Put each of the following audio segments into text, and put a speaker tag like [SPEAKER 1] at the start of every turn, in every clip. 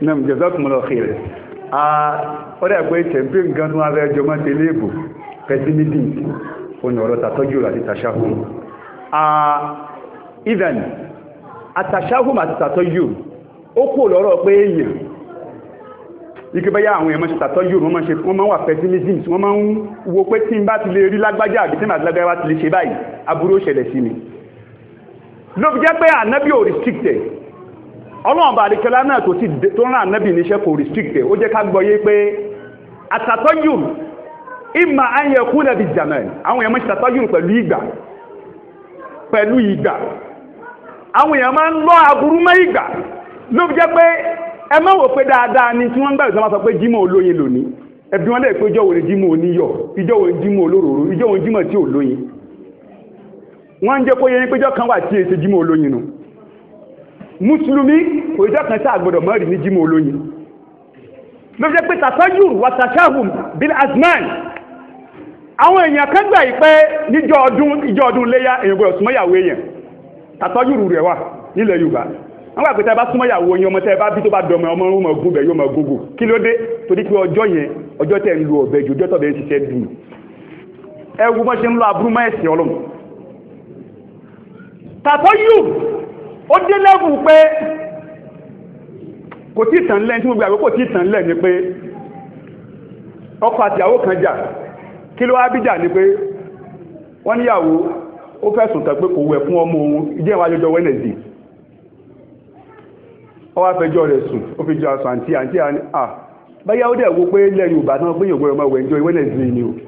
[SPEAKER 1] nam jazakumullahu khairan ó dà pé tẹ̀m̀pé nǹkan tó wá fẹ́ jọmọ́ ti léèbò pẹ́símítì ònà ọ̀rọ̀ tàtọ́jú àti tàṣáhùn even àtàṣáhùn àti tàtọ́jú ó kò lọ́rọ̀ pé èèyàn ike bẹ́yà àwọn èèyàn máa ṣe tàtọ́jú wọ́n máa ṣe wọ́n máa wà pessimism wọ́n máa ń wo pé tí n bá ti lè rí lágbájá àbí tí n bá ti lágbájá bá ti lè ṣe báyìí aburú ó ṣẹlẹ̀ sí mi ló fi jẹ́ pé ànábì ò restricted ọlọ́run bá àdìkẹ́lá náà tó ti tó níṣẹ́ kò restricted ó jẹ́ ká gbọ́yé pé àtàtọ́jú ìmà ayẹ kú lẹ́bi jàmẹ́ àwọn èèyàn máa ń ṣàtọ́jú pẹ̀lú ìgbà pẹ̀lú ìgbà àwọn èèyàn máa ń lọ aburú mọ́ ìgbà ló fi jẹ́ pé ẹ má wò pé dáadáa ni tí wọ́n ń gbà ìtàn máa sọ pé jímọ̀ olóyin lónìí ẹbí wọn lè pé ìjọ́ wo ni jímọ̀ oníyọ̀ ìjọ́ wo ni jímọ̀ olóróró ìjọ́ tí ò lóyin ń jẹ́ kó yẹ yín péjọ́ kan wà tí èsì jímọ̀ olóyin nù. No mùsùlùmí kò ìjọ kan sáà gbọdọ̀ mọ́rì ní jímọ̀ olóyin ló fi jẹ́ pé tàtọ́jú wà tàṣáhùn bil azman àwọn èèyàn kan gbà yìí pé níjọ ọdún ìjọ ọdún léyà èèyàn gbọdọ̀ súnmọ́yàwó èèyàn tàtọ́jú rẹ̀ wà nílẹ̀ Yorùbá wọ́n gbà pé tẹ́ bá súnmọ́yàwó yín ọmọ tẹ́ bá bí tó bá dọmọ ọmọ ọmọ ogun ṣe ń lo aburú ẹ̀sìn Ọlọ́run
[SPEAKER 2] tàtọ́jú ó dé lẹ́gùn pé
[SPEAKER 1] kò tí tàn lẹ́ tí mo gbàgbé kò tí tàn lẹ́ ni pé ọkọ àtìyàwó kan jà kí ló wá bí jà ni pé wọ́n níyàwó ó fẹ̀sùn kàn pé kò wẹ̀ fún ọmọ òun ìdí ẹ̀wọ̀n ajọjọ wẹ́nẹ̀dì ó wá fẹjọ́ rẹ̀ sùn ó fi jọ àṣà àǹtí àǹtí à báyá ó dẹ̀ wo pé lẹ́yìn ìbátan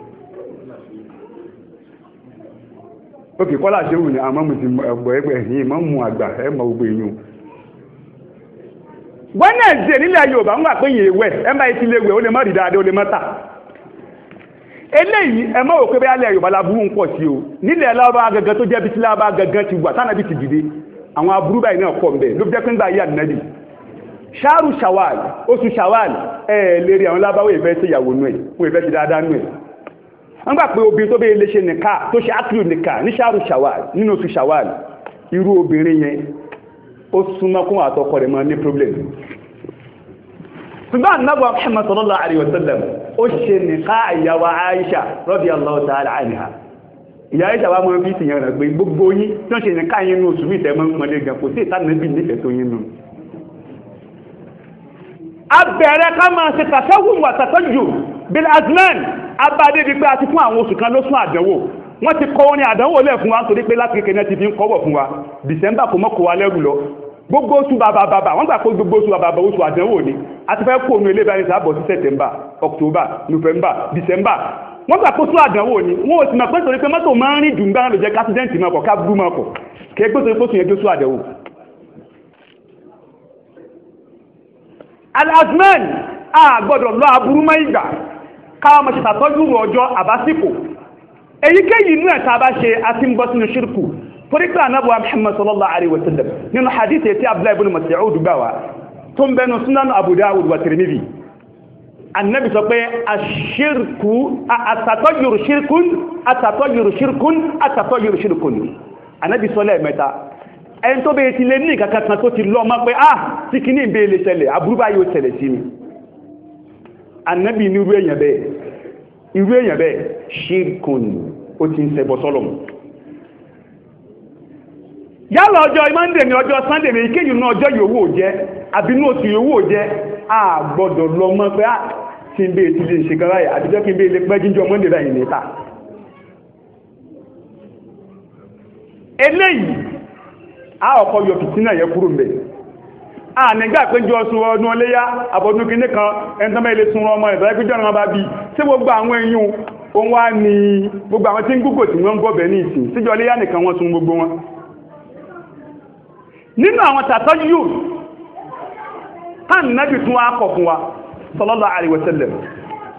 [SPEAKER 1] òkè kọ́lá ṣéwù ni àmọ́ mo ti ẹ̀gbọ́ ẹgbẹ́ ẹ̀yìn mọ́ mu àgbà ẹ̀ mọ gbogbo èèyàn. wẹ́nẹ̀sì nílẹ̀ yorùbá ń wà pé yẹn wẹ̀ ẹ̀ máa ti lè wẹ̀ ó lè má rí dáadáa ó lè má tà. eléyìí ẹ má wò pé bẹ́ẹ̀ alẹ́ yorùbá la burú ń pọ̀ sí o nílẹ̀ alábá gangan tó jẹ́ bí tí lábá gangan ti wà tánàbí ti dìde àwọn aburú báyìí náà pọ̀ ń bẹ̀ ló jẹ́ pé ń gbà yí àdínàbì ṣáàrù ṣàwàl oṣù ṣàwàl ẹ̀ẹ́dẹ̀ẹ́rì àwọn lábáwọ̀ ìfẹ́ ṣèyàwó nù ẹ̀ fún ìfẹ́ ṣe dáadáa nù ẹ̀ wọ́n gbà pé obìnrin tó bẹ́ẹ̀ lè ṣe nìka tó ṣe ákìlù nìka ní ṣáàrù ṣàwàl nínú oṣù ṣàwàl irú obìnrin yẹn ó súnmọ́ kún àtọkọ rẹ̀ máa ní problem. ṣùgbọ́n anábọ̀ Muhammad sallallahu alayhi wa sallam ó ṣe nìka ìyàwó Aisha radiyallahu ta'ala anha ìyá Aisha wa máa ń fi tìyàn rẹ̀ pé gbogbo yín tí wọ́n ṣe nìka yín nínú oṣù mìtẹ́ máa ń mọ̀lẹ́ gan kò sí ìtànàbí nífẹ̀ẹ́ tó yín nù. abẹ̀rẹ̀ ká máa ṣe tàṣẹ́wùn wà tàṣẹ́jù bil abáde bíi pé a ti fún àwọn oṣù kan ló sún àdánwò wọ́n ti kọ́ orin àdánwò lẹ̀ fún wa nítorí pé láti kékeré ti fi ń kọ́wọ̀ fún wa dìsẹ́mbà kò mọ́ kó wa lẹ́rù lọ gbogbo oṣù bàbà bàbà wọ́n gbà pé gbogbo oṣù bàbà bàbà oṣù àdánwò ni a ti fẹ́ kó omi ilé ìbáraẹni sábọ̀ sí sẹ̀tẹ̀mbà ọ̀któbà nùfẹ̀mbà dìsẹ́mbà wọ́n gbà pé oṣù àdánwò ni wọ́n ò sì mọ̀ pé torí pé mọ́tò máa ń rìn dùn gbára ló jẹ́ kásídẹ́ǹtì máa kọ̀ ká burú máa kọ̀ kí ẹgbẹ́ torí pé oṣù yẹn jẹ́ a gbọ́dọ̀ lọ aburú káwọn mọ̀ ṣe ṣàtọ́jú ọjọ́ àbásìkò èyíkéyìí inú ẹ̀ta bá ṣe àti ń bọ́ sínú ṣírkù torí pé anábọ̀ Muhammad sallallahu alaihi wa sallam nínú hadith tí abdullahi ibn Mas'ud gbà wá tó ń bẹnu sunan Abu Dawud wa Tirmidhi annabi sọ pé aṣírkù àtàtọ́jùrù ṣírkùn àtàtọ́jùrù ṣírkùn àtàtọ́jùrù ṣírkùn annabi sọ lẹ́ẹ̀mẹ́ta ẹni tó bẹ́ẹ̀ ti lé ní ìkàkàkan tó ànábì ní irú èèyàn bẹ́ẹ̀ irú èèyàn bẹ́ẹ̀ ṣírkùn ó ti ń ṣẹbọ sọ́lọ̀ yálà ọjọ monday ní ọjọ́ sunday ní kéyìn náà ọjọ́ yòówó a gbọ́dọ̀ lọ mọ́ a ti be etu ti lè ṣe gara yà àtijọ́ kí n bèè lè monday a ọkọ̀ yọ fìtínà ànígbà péjọ ọsùn ọdún ọléyá àbọ̀dún kìíní kan ẹnitọ́mọ́ ilé sun ọmọ ìbẹ̀rẹ̀ péjọ ọ̀nà bá bí tí gbogbo àwọn èèyàn òun wá ní gbogbo àwọn tí ń gúgò tí wọ́n ń gọ́bẹ̀ ní ìsìn síjọ ọléyá nìkan wọ́n sun gbogbo wọn nínú àwọn tàtọ́jú yóò tán nábì tún wá kọ̀ fún wa sallallahu alaihi wasallam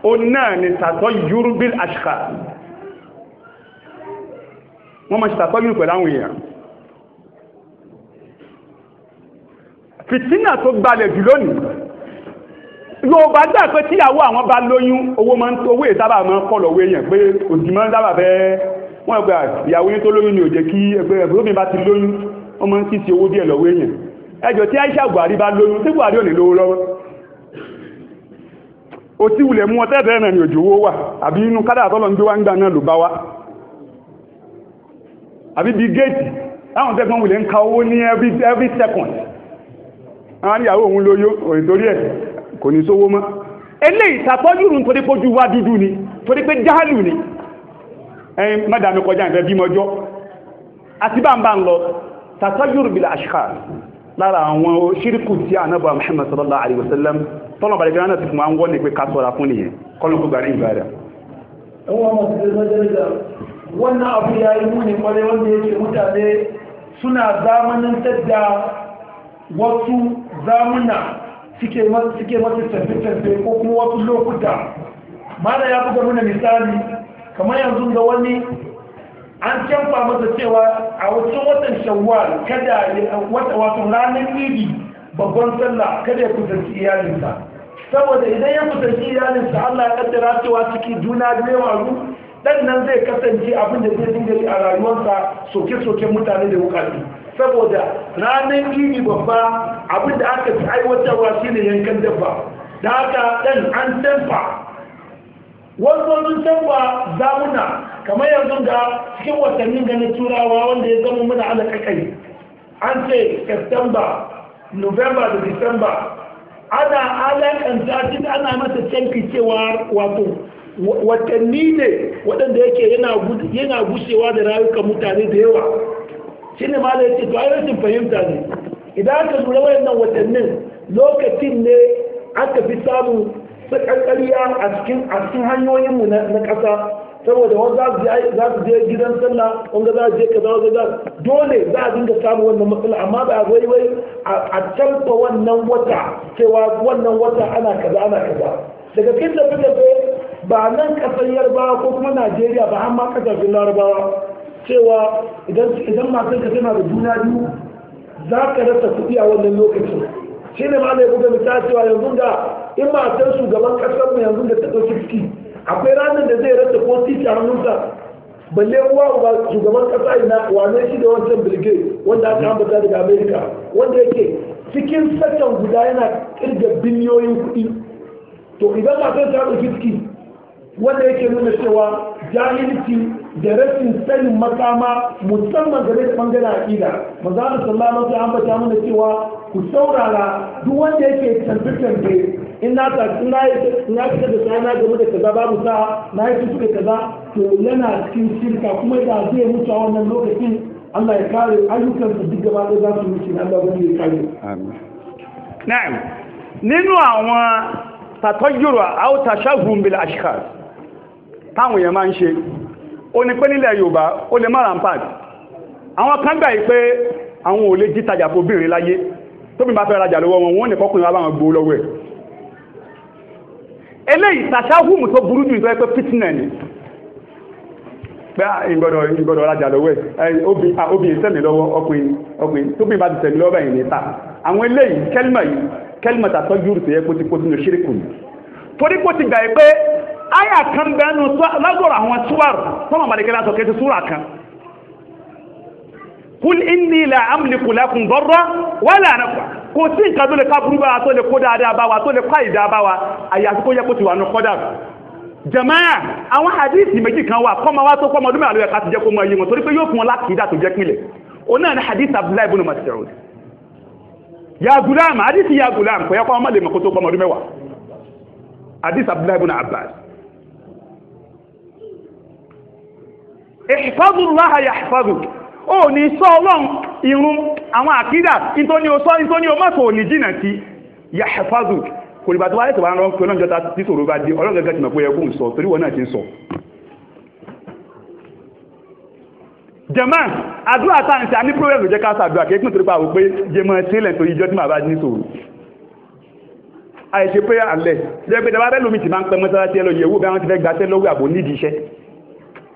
[SPEAKER 1] ó náà ni tàtọ́jú bil ashkar wọ́n fìtínà tó gbalẹ̀ jù lónìí yorùbá gbà pé tíyàwó àwọn bá lóyún owó máa ń owó ìsábà máa ń kọlọ̀ owó èèyàn pé òdì máa ń sábà fẹ́ wọ́n gba ìyàwó yín tó lóyún ni ò jẹ́ kí ẹgbẹ́ ẹgbẹ́ bá ti lóyún wọ́n máa ń kí sí owó díẹ̀ lọ́wọ́ èèyàn ẹjọ́ tí Aisha Buhari bá lóyún tí Buhari ò ní lówó lọ́wọ́ ó ti wulẹ̀ mú ọtẹ́ bẹ́ẹ̀ náà ni òjò owó wà àbí inú kádà tọ́lọ ń gbé wá ń gbà náà ló bá wá àbí bí géètì láwọn tẹ́gbọ́n wulẹ̀ ń ka owó ní every every second àwọn àníyàwó òun lóyó òyìn torí ẹ̀ kò ní sówó mọ́ eléyìí ìtàtọ́jú rùn torí pé ojú wa dúdú ni torí pé jáàlù ni ẹ̀yin mẹ́dàmí kọjá ìfẹ́ bímọjọ́ àti bá ń bá ń lọ tàtọ́jú rùn bìlà àṣìkà lára àwọn ṣírìkù tí ànábà Muhammad sallallahu alaihi wasallam tọ́lọ̀ bàrẹ̀ gánà ti fún àwọn ní pé ká sọ́ra fún nìyẹn kọ́lọ̀ kó gbàrí ìbára.
[SPEAKER 2] wannan abu ya yi muni kwarai wanda yake mutane suna zamanantar da wasu zamuna suke masu tafi-tafi ko kuma wasu lokuta mana ya buga muna misali kamar yanzu ga wani an kyanfa masa cewa a wasu watan shawwal kada wata wasu ranar idi babban sallah kada ya kusanci iyalinsa saboda idan ya kusanci iyalinsa allah ya kaddara cewa ciki juna biyu waru dan nan zai kasance abin da zai dinga yi a rayuwarsa soke soken mutane da wukati saboda ranar gini babba abinda aka fi aiwatarwa ne yankan dabba da aka ɗan an tamfa wasu sun tamfa zamuna kamar yanzu ga cikin watannin ganin turawa wanda ya zama muna alaƙaƙai an ce september november da december ana alakanta cikin ana masa canfi cewa wato watanni ne waɗanda yake yana gushewa da rayuka mutane da yawa shi ne ma da ya ce to rashin fahimta ne idan aka lura wayannan watannin lokacin ne aka fi samu sakakkariya a cikin a cikin hanyoyinmu na ƙasa saboda wani za su je gidan sallah wanda za su je kaza wanda za dole za a dinga samun wannan matsala amma ba a wai a canfa wannan wata cewa wannan wata ana kaza ana kaza daga kin da ba nan kasar yarbawa ko kuma najeriya ba amma kasashen larabawa cewa idan matan ka tana da juna biyu za ka rasa kuɗi a wannan lokacin shi ne ma ne ya buga yanzu da in matan shugaban ƙasar mu yanzu da ta ɗauki ciki akwai ranar da zai rasa ko titi a hannunsa balle uwa uba shugaban ƙasa ina wane shi da wancan bilge wanda aka ambata daga amerika wanda yake cikin sakan guda yana kirga biliyoyin kuɗi to idan matan ta ɗauki ciki wanda yake nuna cewa jahilci da rashin sanin makama musamman game da bangaren aƙida maza da sallallahu sallama an bata mana cewa ku saurara duk wanda yake tambi tambe in na ta na na fita da sana na game da kaza babu sa na yi da kaza to yana cikin shirka kuma da zai mutu a wannan lokacin Allah ya kare ayyukansa duk gaba ɗaya za su mutu Allah ya kare amin na'am
[SPEAKER 1] ninu awon tàtọ́júrò àwòtàṣàgùn bíi bil ashkar tawo yaman ń ó ní pé nílẹ̀ Yorùbá ó lè má rampart àwọn kan gbà yìí pé àwọn ò lè jí tajà fóbìnrin láyé tóbi bá fẹ́ rajà lọ́wọ́ wọn wọn ò ní kọ́kùnrin wa báwọn gbowó lọ́wọ́ ẹ̀ eléyìí tàṣáhùmù tó burú jù nítorí pé fitna ni pé ìgbọ́dọ̀ ah, ìgbọ́dọ̀ rajà lọ́wọ́ ẹ̀ ah, obìnrin tẹ̀mí lọ́wọ́ ọkùnrin ọkùnrin tóbi bá ti tẹ̀mí lọ́wọ́ báyìí ní ta àwọn eléyìí kẹ́límà yìí kẹ́límà tàṣọ́ yúrù tó yẹ kó ti kó sínú ṣíríkù torí kó ti gbà yìí pé àyà kan bẹ́ẹ̀nu lágbọ̀rọ̀ àwọn súwárù tọ́lọ̀ màdìkẹ́ látọ̀ kẹ́tì súwárù kan kul inni la amliku lakum darra wala nafa kò sí nǹkan tó lè ká burú bá wa tó lè kó dáadáa bá wa tó lè kó àìdáa bá wa àyàfi kó yẹ kó ti wà ní kọ́dà jamaa àwọn hadith méjì kan wà kọ́mọ wa tó kọ́mọ ọdún mẹ́rin àlọ́ ẹ̀ka ti jẹ́ kó mọ iye wọn torí pé yóò fún wọn lákìídà tó jẹ́ pínlẹ̀ òun náà ni hadith abdullahi ibn mas'ud ya gulam hadith ya gulam kò yẹ kó ọmọ lè mọ̀ kó tó kọ́mọ ọdún mẹ́wàá hadith abdullahi ibn abbas ihfazullaha yahfazuk ó ní sọ ọlọ́run irun àwọn àkídà nítorí o sọ nítorí o mọ́sọ̀ òní jìnà sí yahfazuk kò nígbà tó wáyé tó wá ń rán pé ọlọ́run jọta tí sòrò bá dé ọlọ́run gẹ́gẹ́ ti mọ̀ pé ẹkùn sọ torí wọn náà ti ń sọ jẹ̀mọ́ àdúrà táǹtì àní pírọ́lẹ́sì jẹ́ ká sàdúrà kí ẹkùn tó pa àwọn pé jẹmọ́ sílẹ̀ tó yíjọ́ tí màá bá ní sòrò àìṣe pé àlẹ́ jẹ́ pé dábàá bẹ́ẹ̀ lómi ti máa ń pẹ́ mọ́sálásí ẹ lọ yẹ̀wò bí wọ́n ti fẹ́ gbaṣẹ́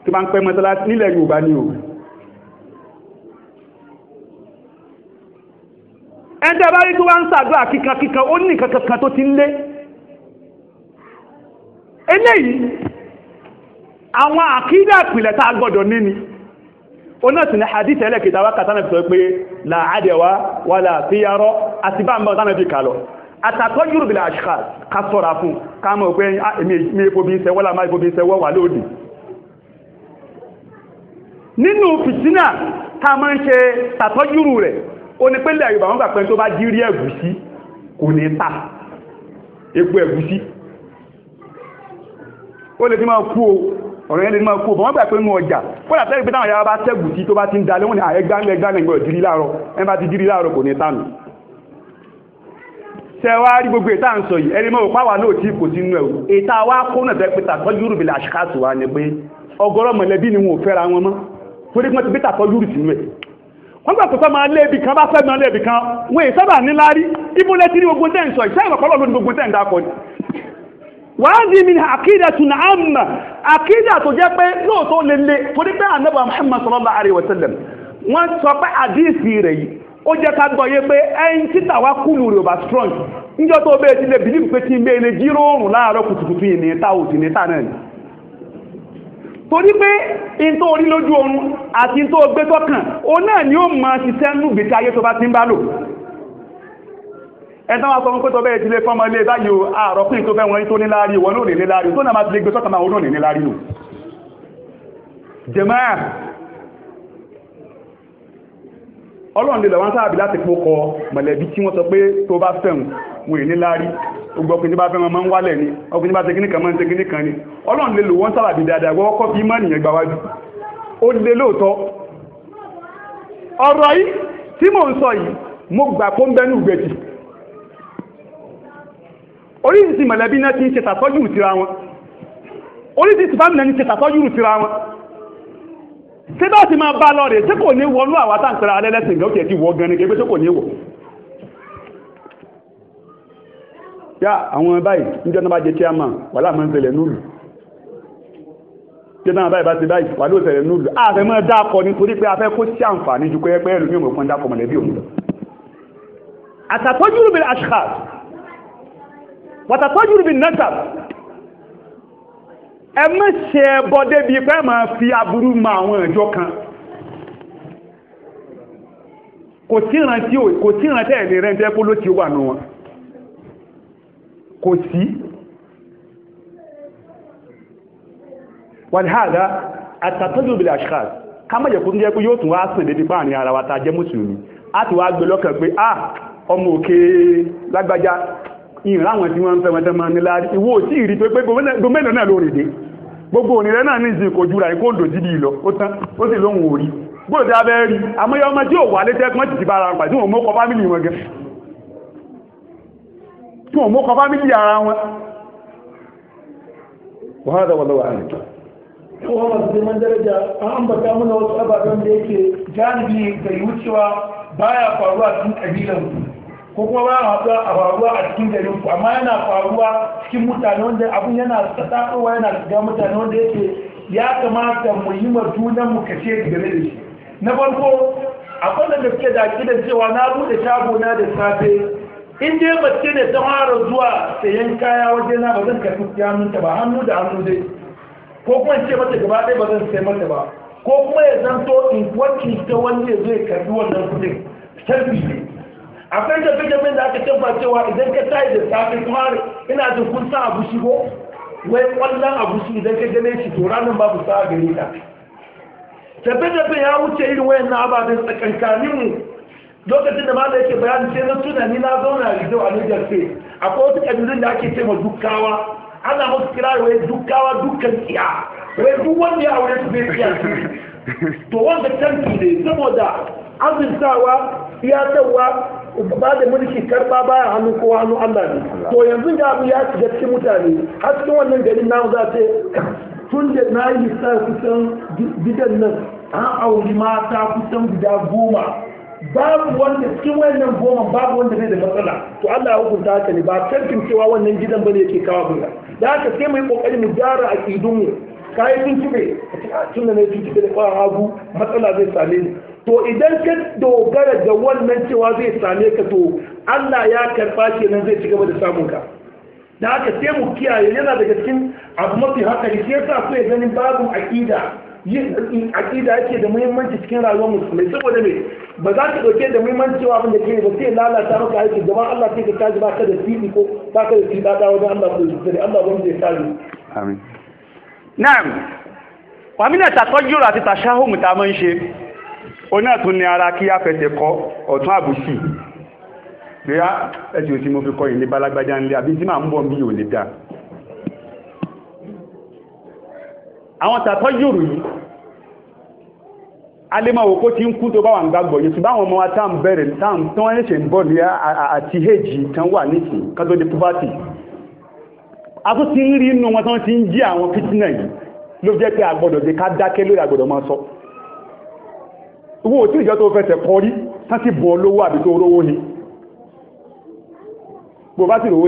[SPEAKER 1] tí máa ń pẹ́ mọ́sálásí nílẹ̀ Yorùbá ni o
[SPEAKER 2] ẹjẹ́ bá rí tó wá ń sàdúrà kíkankíkan ó ní nǹkan kankan tó ti ń lé eléyìí
[SPEAKER 1] àwọn àkídà ìpìlẹ̀ tá a gbọ́dọ̀ ní ni ó náà sì ní hadith ẹlẹ́kẹta wá kàtánà fi sọ pé làádẹ̀wá wà láàfíyàrọ́ àti bá ń bá ọ̀tánà fi kàlọ̀ àtàkọ́jùrù bìlà àṣíkà ká fún ká pé ah, èmi èpo bí ń làmá èpo bí wà lóòdì nínú fìtínà tá a máa ń ṣe tàtọ́júrù rẹ̀ ó ní pẹ́lẹ̀ Yorùbá wọn gbà pé tó bá jí rí ẹ̀gúsí kò ní ta epo ẹ̀gúsí ó lè fi máa kú o ọ̀rọ̀ yẹn lè máa kú o bọ̀ wọ́n gbà pé ń ọjà kó dàtẹ́ ìpínlẹ̀ àwọn yàrá bá tẹ́gùsí tó bá ti ń dalẹ́ wọn ni àyẹ́ gbáńgbẹ́ gbáńgbẹ́ gbọ́dọ̀ jírí láàárọ̀ ẹni bá ti jírí láàárọ̀ kò ní tánù tẹwa rí gbogbo ètà ń sọ yìí ẹni mọ́ pàwà náà tí kò sí inú ẹ̀wò ètà wa kó náà fẹ́ pé tàbí yúrùbìlà àṣíkàtù wa ni pé ọgọ́rọ̀ mọ̀lẹ́bí ni wọn ò fẹ́ra wọn mọ́ torí pé ti bí tàtọ́ yúrù sínú ẹ̀ wọ́n gbà pé sọ́mọ alébi kan bá fẹ́ mọ alébi kan wọ́n èyí sábà níláárí ibùdó tí ní gbogbo tẹ̀ ń sọ ìṣe ìrọ̀pọ̀lọ́ ló ní gbogbo tẹ̀ ń dákọ ni. wàá mi àkídà tún náà àkídà tó jẹ́ pé lele torí pé ànábì Muhammad sallallahu alaihi wọ́n sọ pé rẹ̀ yìí ó jẹ́ ká gbọ́ yé torí pé in tó orí lójú oorun àti in tó gbé tọ́kàn o náà ni ó mọ ṣiṣẹ́ nù gbèsè ayé tó bá ti ń bá lò ẹ̀tàn wa sọ fún pẹ́tọ́ bẹ́ẹ̀ ti lé fọ́mọ ilé báyìí o àárọ̀ pín tó fẹ́ wọn tó ní láàrí ìwọ lónìí ní láàrí tó náà máa ti lè gbé tọ́kàn máa wọn lónìí wọ́n ní láàrí gbogbo ọkùnrin bá fẹ́ wọn ń wálẹ̀ ni ọkùnrin bá ṣe kíní kan máa ń ṣe kíní kan ni ọlọ́run lè lò wọ́n sábàbí dáadáa wọ́n kọ́ fi mọ́ nìyẹn gbáwájú ó lè lóòótọ́ ọ̀rọ̀ yìí tí mò ń sọ yìí mo gbà pé ó ń bẹ́nu gbèjì oríṣiríṣi mọ̀lẹ́bí náà ti ń ṣe tàtọ́jú ìtura wọn oríṣiríṣi fámìlì náà ti ń ṣe tàtọ́jú ìtura wọn ṣé bá ti máa bá lọ rè ṣé kò ní wọnú àwa táǹkìrà alẹ́lẹ́sìn lókè ti wọ gan ni kébé ṣé kò ní wọ yá àwọn báyìí níjọ́ náà bá jẹ chairman wà láàmú ìṣẹ̀lẹ̀ núlù jẹ́ náà báyìí bá ti báyìí wà ló ìṣẹ̀lẹ̀ núlù àfẹ́ mọ́ dákọ nítorí pé afẹ́ kó sí àǹfààní ju pé ẹlòmíì mọ̀ fún dákọ mọ̀lẹ́bí òun lọ. àtàtọ́jú rúbi àṣà wàtàtọ́jú rúbi nẹ́tà ẹ má ṣe ẹbọ débi pé máa fi aburú mọ àwọn ìjọ kan kò sí ìrántí ẹ̀ lè rẹ́ńtẹ́ kó ló ti wà nù wọn kò sí wàdíhàdá àtàtọ́jú ìbílẹ̀ àṣíkàs ká mọ̀ jẹ́kú jẹ́ pé yóò tún wá sìn dédé bá àrin ara wa ta jẹ́ mùsùlùmí a ti wá gbé lọ́kàn pé ah ọmọ òkè lágbájá ìrìn àwọn tí wọ́n ń fẹ́ wọn tẹ́mọ ní láàrí ìwọ ò tí ì rí pé gómìnà náà ló rèdè gbogbo òrìnrẹ́ náà ní ìsìn ìkojú ra ìkó òǹdò jíbi ìlọ ó tán ó sì lóhun òrí gbọ́dọ̀ abẹ́ rí àmọ́ ọmọ tí ò wà létẹ́gbọ́n ti ti bára wọn pàdé òun mọ́kọ fámìlì wọn gan tí wọ́n mọ́kọ fámílì ara
[SPEAKER 2] wọn wọ́n da masu daraja an wasu ababen da yake da wucewa a faruwa a cikin amma yana faruwa cikin mutane wanda abun yana tsatsaɗowa yana shiga mutane wanda yake ya kamata mu yi kashe game da shi na farko akwai da gaske da kidan cewa na bude shago na da safe in dai bace ne ta fara zuwa sayan kaya waje na ba zan karfi ta ba hannu da hannu dai ko kuma ce mata gaba ɗaya ba zan sai mata ba ko kuma ya to in wacce ta wani ya zo ya karbi wannan kudin sharfi ne akwai da fijamin da aka tabba cewa idan ka tayi da safe kuma ina jin kun sa abu shigo wai kwallon abu shi idan ka gane shi to ranar babu sa gare ka tafi tafi ya wuce irin wayannan na ababen tsakankanin lokacin da da yake bayani sai na tuna ni na zauna rizau a Niger sai akwai wasu kabilun da ake cewa dukkawa ana musu kira wai dukkawa dukkan tsiya wai duk wanda ya aure su zai tsiya to wanda tanki ne saboda azurtawa iyatarwa ba da mulki karba baya hannun kowa hannun Allah ne to yanzu da abu ya shiga cikin mutane har cikin wannan garin namu za ta tun da na yi kusan gidan nan an auri mata kusan guda goma babu wanda cikin wayannan goma babu wanda zai da matsala to Allah ya hukunta haka ne ba tantin cewa wannan gidan bane yake kawo gunga da haka sai mu yi kokari mu gyara aqidun mu kai tun tube tun da ne tun tube da kwa hagu matsala zai same ni to idan ka dogara da wannan cewa zai same ka to Allah ya karba kenan zai cigaba da samun ka da haka sai mu kiyaye yana daga cikin abu mafi hakari sai yasa so ya ganin babu aqida aƙida yake da muhimmanci cikin rayuwar musulmai saboda me ba za ka ɗauke da muhimmanci cewa abin da ke ba sai lalata maka aiki gaban Allah sai ka kaji ba ka da fiɗi ko ba ka da fiɗa ta wajen Allah ko da Allah ba zai kare. Amin.
[SPEAKER 1] Na'am. Wa mina tàtọ́jú àti tàṣáhùn tá a máa ń ṣe. Oní àtún ni ara kí a fẹsẹ̀ kọ ọ̀tún àbùsì. Bí a ẹ̀sìn òsì mo fi kọ ìní balagbájá ńlẹ̀ àbí tí màá ń bọ̀ mí ò lè dáa. àwọn tàtọ́ yòrò yìí alémọ̀wò kó ti ń kú tó bá wà ń gbàgbọ́ yìí ṣùgbọ́n àwọn ọmọ wa tán bẹ̀rẹ̀ tán tán wọ́n ṣe ń bọ̀ ní àti èjì tán wà nìsín kan di púpátì a ti ń rí inú wọn tán ti ń jí àwọn fìtínà yìí ló jẹ́ pé àgbọ̀dọ̀ dé ká dákẹ́ lórí àgbọ̀dọ̀ máa sọ owó òtí ìjọ tó fẹsẹ̀ kọ rí tán sì bọ̀ lówó àbí tó rówó ni bó bá sì rówó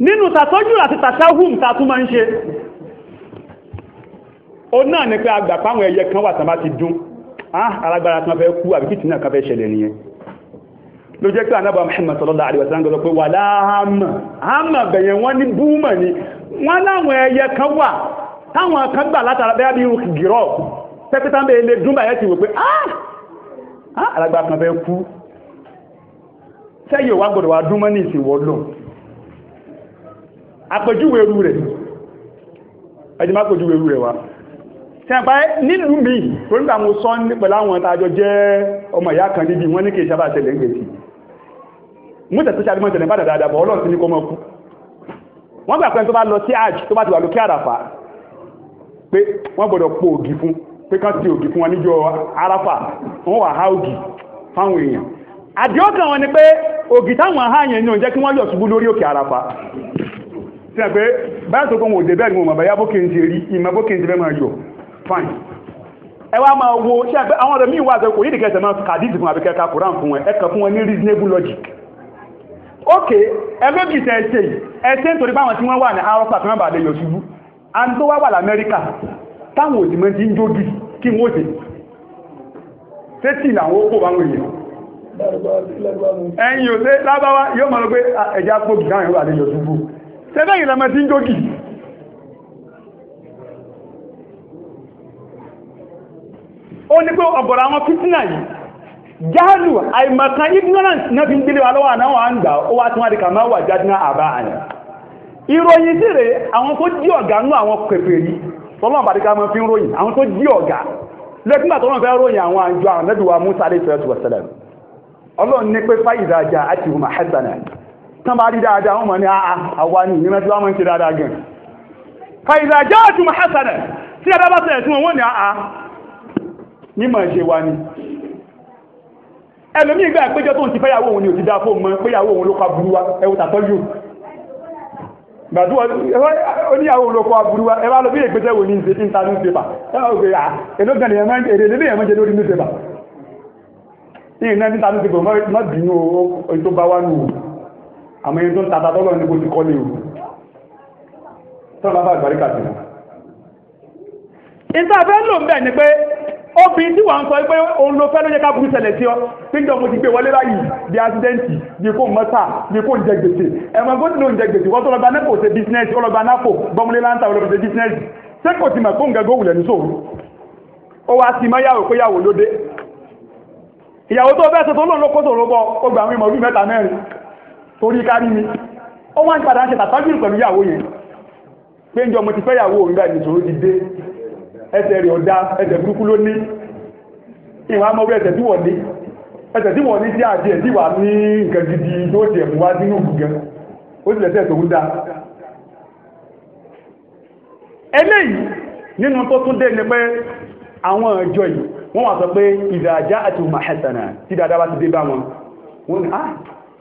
[SPEAKER 1] nínú tàtọ́jú àti tàtàhùn tàtún máa ń ṣe ó náà ní pé àgbà páwọn ẹyẹ kan wà tán bá ti dún ah, alágbára tí wọ́n fẹ́ kú àbí fìtínà kan fẹ́ ṣẹlẹ̀ nìyẹn ló jẹ́ pé anábà Muhammad sallallahu alaihi wasallam gọ́gọ́ pé wà láàmà àmà bẹ̀yẹn wọ́n ní búmọ̀ ni wọ́n láwọn ẹyẹ kan wà táwọn kan gbà látara bẹ́ẹ̀ bí irú gírọ̀ pẹ́pẹ́tà ń bẹ̀ẹ́ lè dún báyẹ̀ ti wò pé ah! Ah, alágbára kan fẹ́ kú sẹ́yìn ò wá gbọ́dọ̀ wá dún mọ́ ní ìsìnwọ́ lóun àpèjúwe eru rẹ̀ ẹjẹ́ má pèjúwe eru rẹ̀ wá tẹ́ǹpá nílùú mi torí àwọn sọ pẹ̀lú àwọn tààjọ jẹ́ ọmọ ìyá kan níbi wọ́n ní kí ìṣàbà tẹ̀lẹ̀ ń gbèsì mú tẹ̀sí sáré mọ́ tẹ̀lẹ̀ bá dàdà àdàbọ̀ ọlọ́run sí ní kọ́ mọ́ kú wọ́n gbà pé tó bá lọ sí àjì tó bá ti wà lókè àràfà pé wọ́n wọn ni pé ògì táwọn àháyàn ní òun kí wọ́n yọ̀ ṣubú lórí òkè àràfà tí a pé báyà tó kọ́ wọn dé bẹ́ẹ̀ ni mo mọ̀ báyà bókè ń ti rí ìmọ̀ bókè ń ti fẹ́ máa yọ fine ẹ wá máa wo ṣe àgbẹ̀ àwọn ọ̀dọ̀ míì wà sọ kò yí nìkan kàdíìsì fún àbíkẹ́ ká Kùránì fún ẹ ẹ kàn fún wọn ní reasonable logic ok ẹ méjì tẹ ẹ ṣe ẹ ṣe nítorí báwọn tí wọ́n wà ní arọ́pà tí wọ́n bàdé yọ ṣubú and wá wà lamẹ́ríkà táwọn òsì mọ́ tẹ́lẹ̀ ìlànà tí ń jókì ó ní pé ọ̀gọ̀rọ̀ àwọn fìtínà yìí jáàlù àìmọ̀kan ignorance náà fi ń gbélé wa lọ́wọ́ àdáwọ̀ à ń gbà ó wá tí wọ́n di kà máa wà jáde náà àbá àyàn ìròyìn sí rèé àwọn tó jí ọ̀gá nú àwọn pèpè yìí tọ́lọ́mù bàdíkà máa fi ń ròyìn àwọn tó jí ọ̀gá tán bá rí dáadáa wọ́n mọ̀ ní ah, ah, àwa ní ìrìnà tí wọ́n mọ̀ ń ṣe dáadáa gan fàyìlà jẹ́ àtúmọ̀ hasanẹ̀ tí ẹ bá bá sẹ̀rẹ̀ tí wọ́n wọ́n ní àá ah, mímọ̀ ṣe wa ni ẹlòmí ìgbà péjọ tó ń ti fẹ́yàwó òun ni ò ti dá fóun mọ́ péyàwó òun ló kọ aburú wa ẹwù tàtọ́ yóò gbàdúrà oníyàwó ló kọ aburú wa ẹ bá lọ bí ìgbésẹ̀ wò ní ìta ní ìsèpà ẹ bá gbé àá èló gan ni èrè lébè ní ìsèpà ní ìsèpà mọ́ bínú ètò bá wà nù àmọ́ ẹni tó ń tata tọ́lọ́ ní kó ti kọ́lé o tọ́lọ́ bá àgbàríkà sí wọn. ìta fẹ́ lò ń bẹ̀ ni pé obìnrin tí wàá ń sọ pé òun ló fẹ́ ló yẹ ká burú ṣẹlẹ̀ sí ọ níjọ mo ti gbé wọlé báyìí di asidẹ́ǹtì di kò mọ́tà di kò ń jẹ gbèsè ẹ̀wọ̀n kó ti ló ń jẹ gbèsè wọ́n tó lọ́ba anáfò ṣe bísínẹ́sì ọlọ́ba anáfò bọ́mọlé láńtà ọlọ́ba ṣe bísínẹ́sì ṣé kò ti mọ̀ kó ń gẹ́gẹ́ òwúlẹ̀ ní sòrò ó wá sí mọ́ yàwó pé yàwó lóde ìyàwó tó fẹ́ torí kárí mi ó wá ń padà ṣe tàtàjùrù pẹ̀lú ìyàwó yẹn pé ń jọ mo ti fẹ́ ìyàwó òun gbà ìṣòro ti dé ẹsẹ̀ rẹ̀ ọ̀dá ẹsẹ̀ burúkú ló ní ìwọ̀n amọ́ ẹsẹ̀ tí wọ̀ ní ẹsẹ̀ tí wọ̀ ní sí àti ẹ̀ tí wà ní nǹkan gidi tó ti ẹ̀mú wá sínú gùgẹ́ ó sì lẹ́sẹ̀ tó ń dá eléyìí nínú tó tún dé ni pé àwọn ọjọ́ yìí wọ́n wà sọ pé ìdàjá àti ìmọ̀ àṣẹ̀sẹ̀ náà tí dáadáa bá ti dé bá wọn wọ́n ni ah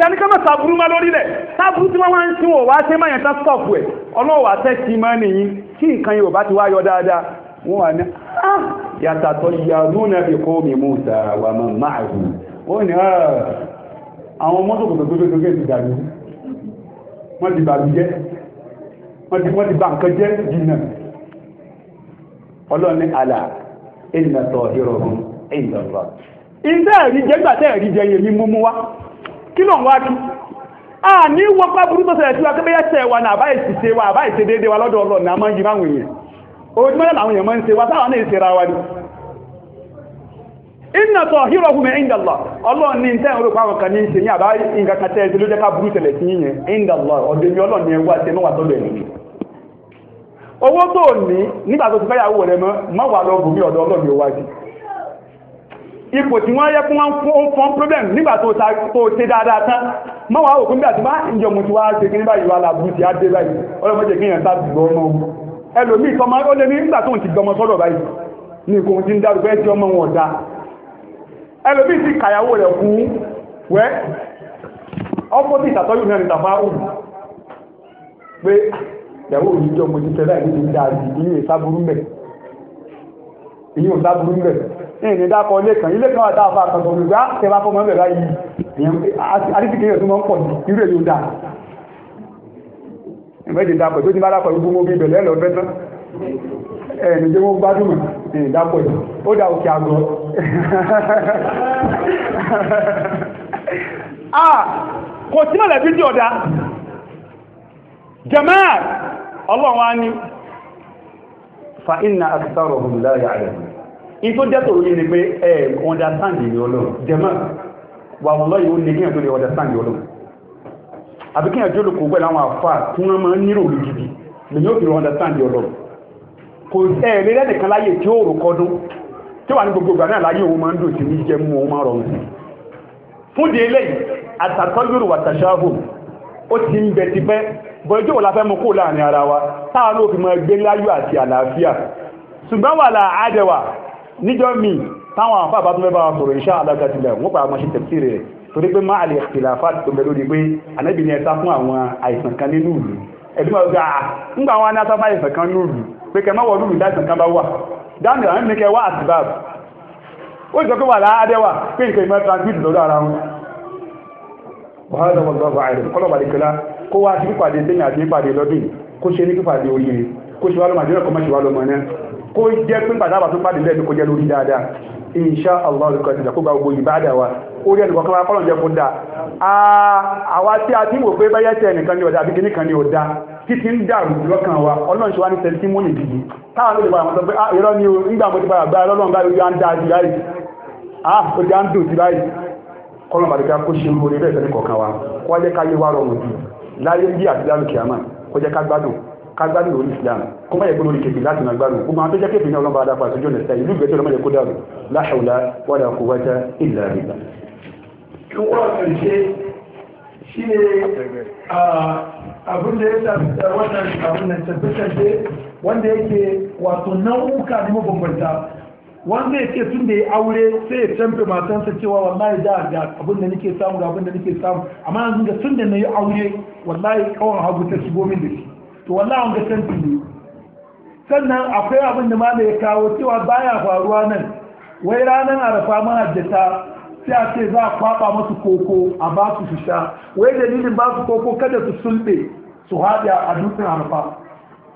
[SPEAKER 2] tẹnikẹ́ mọ̀ sàbúrú máa lórílẹ̀ sàbúrú
[SPEAKER 1] tí wọ́n wá ń tí wọ́n wá ṣe máa yẹn tán stọ̀pù ẹ̀ ọlọ́wà tẹ́ ti máa nìyí tí nǹkan yóò bá ti wá yọ dáadáa wọ́n wà ní yàtàtọ̀ yàrúnà ìkó mi Musa wà mọ̀ máa hù ó ní ah, àwọn mọ́tò kòtò gbogbogbò ti dàbí wọ́n ti bàbí jẹ́ wọ́n ti bá nǹkan jẹ́ jìnnà ọlọ́ni àlà ìlànà tọ̀ ìrọ̀rùn ìlànà ìdẹ́ẹ̀rí jẹ́gbà tẹ́ẹ̀rí jẹ́ yẹn kí ló ń a ní wọ́n bá burú tó ṣẹlẹ̀ sí wa kébé yẹ́sẹ̀ wa ní àbá ìṣiṣẹ́ wa àbá ìṣe déédéé wa lọ́dọ̀ ọlọ́run a máa ń yí máa ń wòye ojúmọ́ náà làwọn èèyàn máa ń ṣe wa náà ra wa ni inna tahirakum inda Allah ọlọ́run ní tẹ́ orúkọ àwọn kan ní ṣe ní ipò tí wọ́n yẹ kí wọ́n fọ́n problem nígbà tó ṣe dáadáa tán mọ́ wàá òkú nígbà tí wọ́n á ìyọ̀mù tí wọ́n á ṣe kí nígbà yìí wà láàbù tí á dé báyìí ọlọ́mọdé kí yẹn sáà gbọ́ ọmọ ẹlòmíì tọmọ ó lé ní nígbà tó ń ti gbọmọ sọ́dọ̀ báyìí ní kò ti ń dárúkọ ẹtí ọmọ wọn ọ̀dà ẹlòmíì sì kàyàwó rẹ̀ kú wẹ́ ọkọ̀ tí ìtàtọ́jú náà ní tàfà ó pé ìyàwó òyìnjọ́ mo ti fẹ́ láì ní ìdáàbì ìyún ìsáburú mẹ́ ní ìdákọ ilé kan ilé kan àti àfa àkàtọ̀ òmìnira ah, tẹ bá ẹgbẹ̀rẹ̀ yìí àdìsíkì yẹn tó máa ń pọ̀ ní irú èyí dáa ìmẹ́jì tó ti bá bí ẹ̀ẹ̀ni tó jẹ́ toro yìí ni pé ẹ understand ìlú ọlọ́run jẹ́mọ́ wà lọ́ yìí ó lè kíyàn tó lè understand ìlú ọlọ́run àbí kíyàn tó lè kó pẹ̀lú àwọn àfà tí wọ́n máa ń nírò òlu gidi lèyìn ó fi understand ìlú ọlọ́run kò ẹ lè lẹ́nìkan láyè tí ó rò kọdún tí wà ní gbogbo ìgbà náà láyé òun máa ń dùn sí ní jẹ́ mú rọrùn fún di eléyìí ti níjọ́ mi táwọn àfáà bá tún fẹ́ sọ̀rọ̀ iṣẹ́ alágbàtìlẹ̀ wọ́n bá máa ṣe rẹ̀ torí pé máa lè kìlàfà tó bẹ lórí pé ànábì ni ẹ̀ta fún àwọn àìsàn kan nínú ìlú ẹ̀dùn máa gbà á ńgbà wọn ní asáfà àìsàn kan nínú ìlú pé kẹ máa wọ lúlù láìsàn kan bá wà dáhùn àwọn ènìyàn wá àtìbáàbù ó sọ pé wà láàádẹ́ wà pé nǹkan ìmọ̀ transmit lọ́dọ̀ ara wọn wàhálà wọn lọ́wọ́ àìrẹ̀ kọ́lọ̀ bàdìkẹ́lá kó wá sí pípàdé lẹ́yìn àti pípàdé lọ́dún kó ṣe ní pípàdé oríire kó ṣe wá lọ́mọ àdínà kọ́mọ́ṣe wá lọ́mọ kó jẹ́ pé pàtàkì tó pàdé lẹ́nu kó jẹ́ lórí dáadáa insha allah ọ̀rẹ́kọ̀ ìtìjà kó gba gbogbo ìbáàdà ó rí ẹnìkan kan fọ́lọ̀ jẹ́ kó dáa àwa tí a ti wò pé báyẹ̀ tẹ̀ nìkan ni ọ̀dà àbí kìnnìkan ni ọ̀dà títí ń dàrú lọ́kàn wa ọlọ́run ṣe wá ní tẹ̀sítímọ́nì gidi táwọn ló lè bára wọn sọ pé ah, irọ́ ni o nígbà mo ah ó já ń dùn sí láì kọ́lọ́n bàdé ká kó ṣe ń borí bẹ́ẹ̀ sẹ́ni kọ̀ọ̀kan wa kó wá jẹ́ ká yé kágbádùn lórí islam kó yẹ gbọ́dọ̀ lórí kejì láti máa gbádùn gbogbo ní ìlú kó dàrú
[SPEAKER 2] illa shi ne abin da ya wannan abin da wanda yake wato ne wanda tun da ya aure sai ya canfe matansa cewa wallahi da ga abin da nake samu ga abin da nake samu amma yanzu da da na yi aure wallahi kawai hagu ta shigo da shi to wallahi an ga canji ne sannan akwai abin da malai ya kawo cewa baya faruwa nan wai ranar arafa mahajjata sai a ce za a kwaba masu koko a ba su su sha wai dalilin ba su koko kada su sulɓe su haɗe a dutsen arafa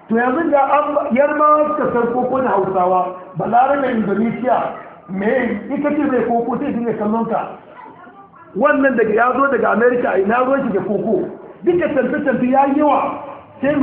[SPEAKER 2] to yanzu da yar ma suka san koko da hausawa balare na indonesia mai ita ce mai koko sai dinga kallon ka wannan daga ya zo daga america ina ruwan shi da koko duka tantance tantu ya yi yawa sai